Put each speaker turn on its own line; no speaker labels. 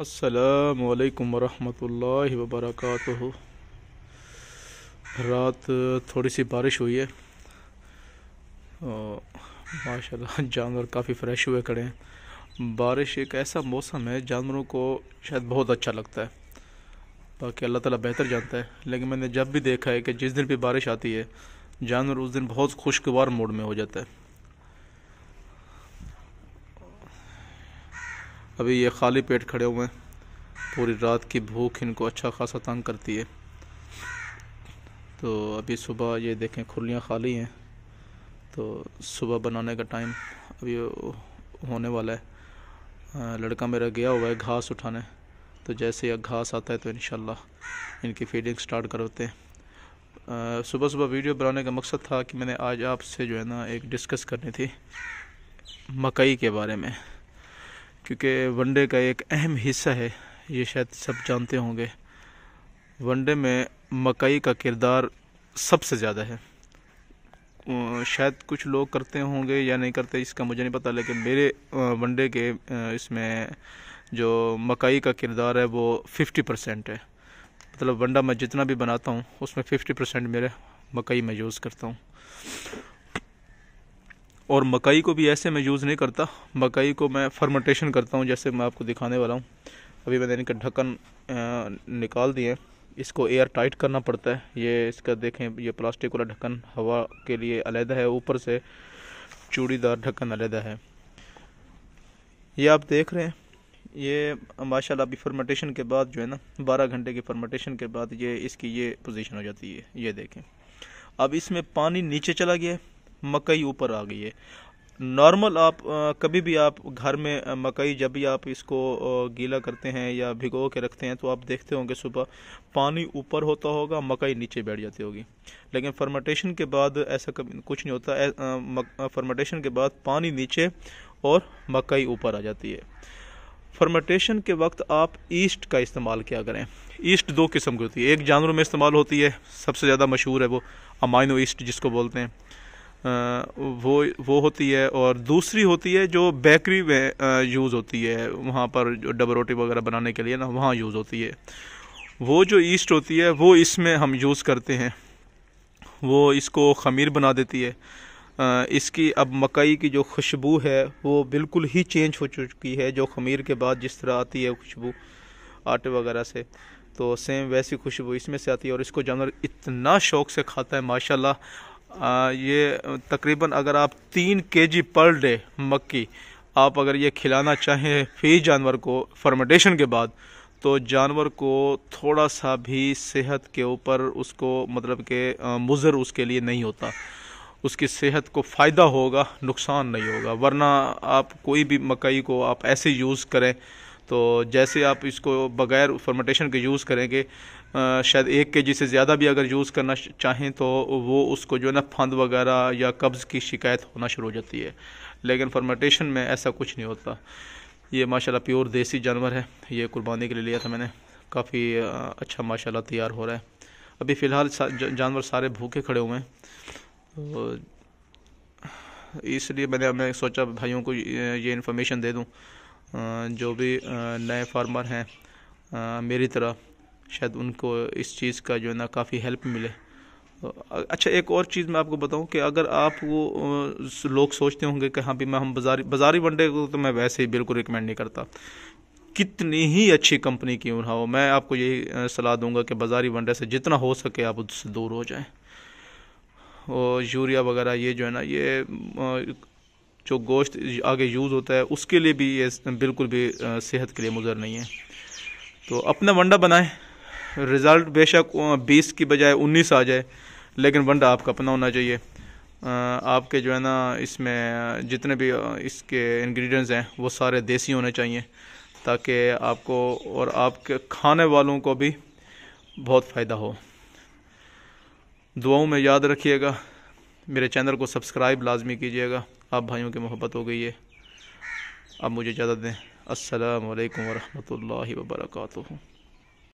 असलकम वरहमल वबरक रात थोड़ी सी बारिश हुई है माशाल्लाह जानवर काफ़ी फ्रेश हुए खड़े हैं बारिश एक ऐसा मौसम है जानवरों को शायद बहुत अच्छा लगता है बाकी अल्लाह ताला बेहतर जानता है लेकिन मैंने जब भी देखा है कि जिस दिन भी बारिश आती है जानवर उस दिन बहुत खुशगवार मूड में हो जाता है अभी ये खाली पेट खड़े हुए हैं पूरी रात की भूख इनको अच्छा खासा तंग करती है तो अभी सुबह ये देखें खुलियाँ खाली हैं तो सुबह बनाने का टाइम अभी होने वाला है लड़का मेरा गया हुआ है घास उठाने तो जैसे यह घास आता है तो इन इनकी फीडिंग स्टार्ट करोते हैं सुबह सुबह वीडियो बनाने का मकसद था कि मैंने आज आपसे जो है ना एक डिस्कस करनी थी मकई के बारे में क्योंकि वनडे का एक अहम हिस्सा है ये शायद सब जानते होंगे वनडे में मकई का किरदार सबसे ज़्यादा है शायद कुछ लोग करते होंगे या नहीं करते इसका मुझे नहीं पता लेकिन मेरे वनडे के इसमें जो मकई का किरदार है वो फिफ्टी परसेंट है मतलब वनडा मैं जितना भी बनाता हूँ उसमें फिफ्टी परसेंट मेरे मकई में यूज़ करता हूँ और मकई को भी ऐसे मैं यूज़ नहीं करता मकई को मैं फर्मेंटेशन करता हूँ जैसे मैं आपको दिखाने वाला हूँ अभी मैंने इनका ढक्कन निकाल दिए इसको एयर टाइट करना पड़ता है ये इसका देखें ये प्लास्टिक वाला ढक्कन हवा के लिए अलहदा है ऊपर से चूड़ीदार ढक्कन अलहदा है ये आप देख रहे हैं ये माशाल्लाह अभी फर्मेंटेशन के बाद जो है ना बारह घंटे की फर्मेंटेशन के बाद ये इसकी ये पोजीशन हो जाती है ये देखें अब इसमें पानी नीचे चला गया मकई ऊपर आ गई है नॉर्मल आप कभी भी आप घर में मकई जब भी आप इसको गीला करते हैं या भिगो के रखते हैं तो आप देखते होंगे सुबह पानी ऊपर होता होगा मकई नीचे बैठ जाती होगी लेकिन फर्मेंटेशन के बाद ऐसा कुछ नहीं होता फर्मेंटेशन के बाद पानी नीचे और मकई ऊपर आ जाती है फर्मेंटेशन के वक्त आप ईस्ट का इस्तेमाल क्या करें ईस्ट दो किस्म की होती है एक जानवरों में इस्तेमाल होती है सबसे ज़्यादा मशहूर है वो अमाइनो ईस्ट जिसको बोलते हैं वो वो होती है और दूसरी होती है जो बेकरी में यूज़ होती है वहाँ पर जो डबल रोटी वगैरह बनाने के लिए ना वहाँ यूज़ होती है वो जो ईस्ट होती है वो इसमें हम यूज़ करते हैं वो इसको खमीर बना देती है इसकी अब मकई की जो खुशबू है वो बिल्कुल ही चेंज हो चुकी है जो खमीर के बाद जिस तरह आती है खुशबू आटे वगैरह से तो सेम वैसी खुशबू इसमें से आती है और इसको जानवर इतना शौक से खाता है माशाल्लाह ये तकरीबन अगर आप तीन के जी पर डे मक्की आप अगर ये खिलाना चाहें फी जानवर को फर्मेंटेशन के बाद तो जानवर को थोड़ा सा भी सेहत के ऊपर उसको मतलब के मुजर उसके लिए नहीं होता उसकी सेहत को फ़ायदा होगा नुकसान नहीं होगा वरना आप कोई भी मकई को आप ऐसे यूज़ करें तो जैसे आप इसको बग़ैर फर्मेंटेशन के यूज़ करेंगे शायद एक के जी से ज़्यादा भी अगर यूज़ करना चाहें तो वो उसको जो है ना फंद वगैरह या कब्ज़ की शिकायत होना शुरू हो जाती है लेकिन फर्मेंटेशन में ऐसा कुछ नहीं होता ये माशाल्लाह प्योर देसी जानवर है ये कुर्बानी के लिए लिया था मैंने काफ़ी अच्छा माशाल्लाह तैयार हो रहा है अभी फ़िलहाल सा, जानवर सारे भूखे खड़े हुए हैं तो इसलिए मैंने मैं सोचा भाइयों को ये इन्फॉर्मेशन दे दूँ जो भी नए फार्मर हैं मेरी तरह शायद उनको इस चीज़ का जो है ना काफ़ी हेल्प मिले अच्छा एक और चीज़ मैं आपको बताऊं कि अगर आप वो लोग सोचते होंगे कि हाँ भी मैं हम बाजारी बाजारी वनडे को तो मैं वैसे ही बिल्कुल रिकमेंड नहीं करता कितनी ही अच्छी कंपनी की ना हो मैं आपको यही सलाह दूंगा कि बाजारी वनडे से जितना हो सके आप उससे दूर हो जाएं और यूरिया वगैरह ये जो है ना ये जो गोश्त आगे यूज़ होता है उसके लिए भी ये बिल्कुल भी सेहत के लिए मुजर नहीं है तो अपना वंडा बनाएं रिज़ल्ट बेशक 20 की बजाय 19 आ जाए लेकिन वंडा आपका अपना होना चाहिए आपके जो है ना इसमें जितने भी इसके इंग्रेडिएंट्स हैं वो सारे देसी होने चाहिए ताकि आपको और आपके खाने वालों को भी बहुत फ़ायदा हो दुआओं में याद रखिएगा मेरे चैनल को सब्सक्राइब लाजमी कीजिएगा आप भाइयों की मोहब्बत हो गई है आप मुझे इजाज़त दें असलकम वरहमल वर्का